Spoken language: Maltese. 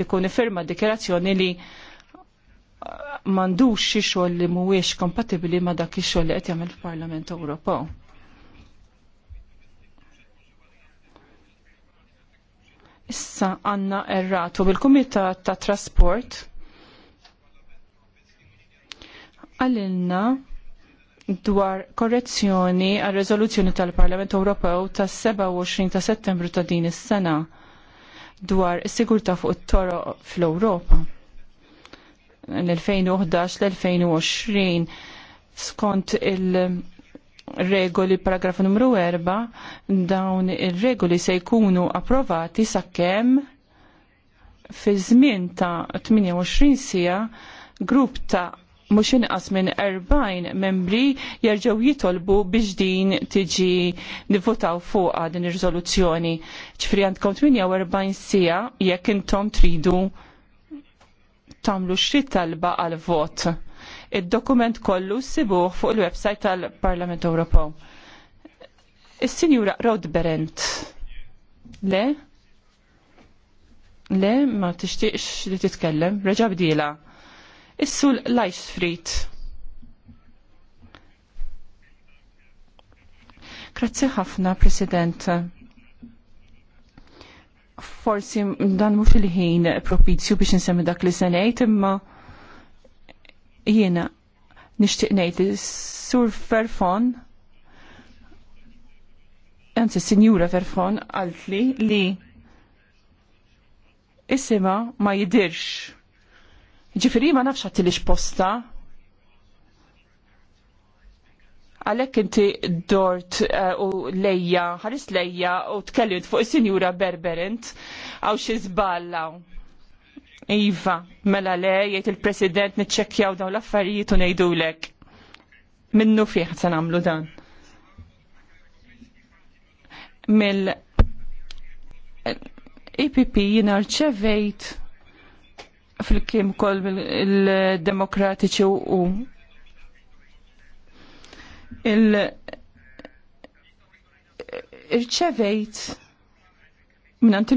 li kun firma dikjerazzjoni li mandux xi xogħol li mhuwiex kompatibbli ma' dak ix-xogħol li qed jagħmel il-Parlament Ewropew. Issa għanna erratu bil-Kumitat ta' Trasport għalilna dwar korrezzjoni għal rezoluzzjoni tal-Parlament Ewropew tas-27 ta' Settembru ta' din is-sena dwar is-sigurtà fuq it-toroq fl-Ewropa. L-2011 l-2020 skont il-regoli paragrafu numru 4 dawn il-regoli se jkunu approvati sakemm fi żmien ta' 28 sija grupp ta' mhux inqas minn 40 membri jerġgħu jitolbu biex din tiġi nivvotaw fuqha din ir-riżoluzzjoni. Ġifri għandkom 48 sija jekk intom tridu tagħmlu xi talba għal vot. Id-dokument kollu ssibuh fuq il-website tal-Parlament Ewropew. Is-Sinjura Rodberent. Le? Le, ma tixtieqx li titkellem, reġa' bdila. Is-sul Life Street. Grazzi ħafna, President forsi dan mhux il-ħin propizju biex nsemmi dak li se ngħid, imma jiena nixtieq ngħid li sur Ferfon anzi sinjura Ferfon għalt li li isima ma jidirx Ġifiri ma nafx għatti li posta. Għalek inti dort eh, u lejja, ħaris lejja u tkellimt fuq il-sinjura Berberent għaw xi zballaw. Iva, mela le, jgħid il-president nitċekkjaw daw l-affarijiet u ngħidulek. Minnu fiħ se nagħmlu dan. Mill EPP jina rċevejt fil-kim kol il-demokratiċi u il-irċevejt minn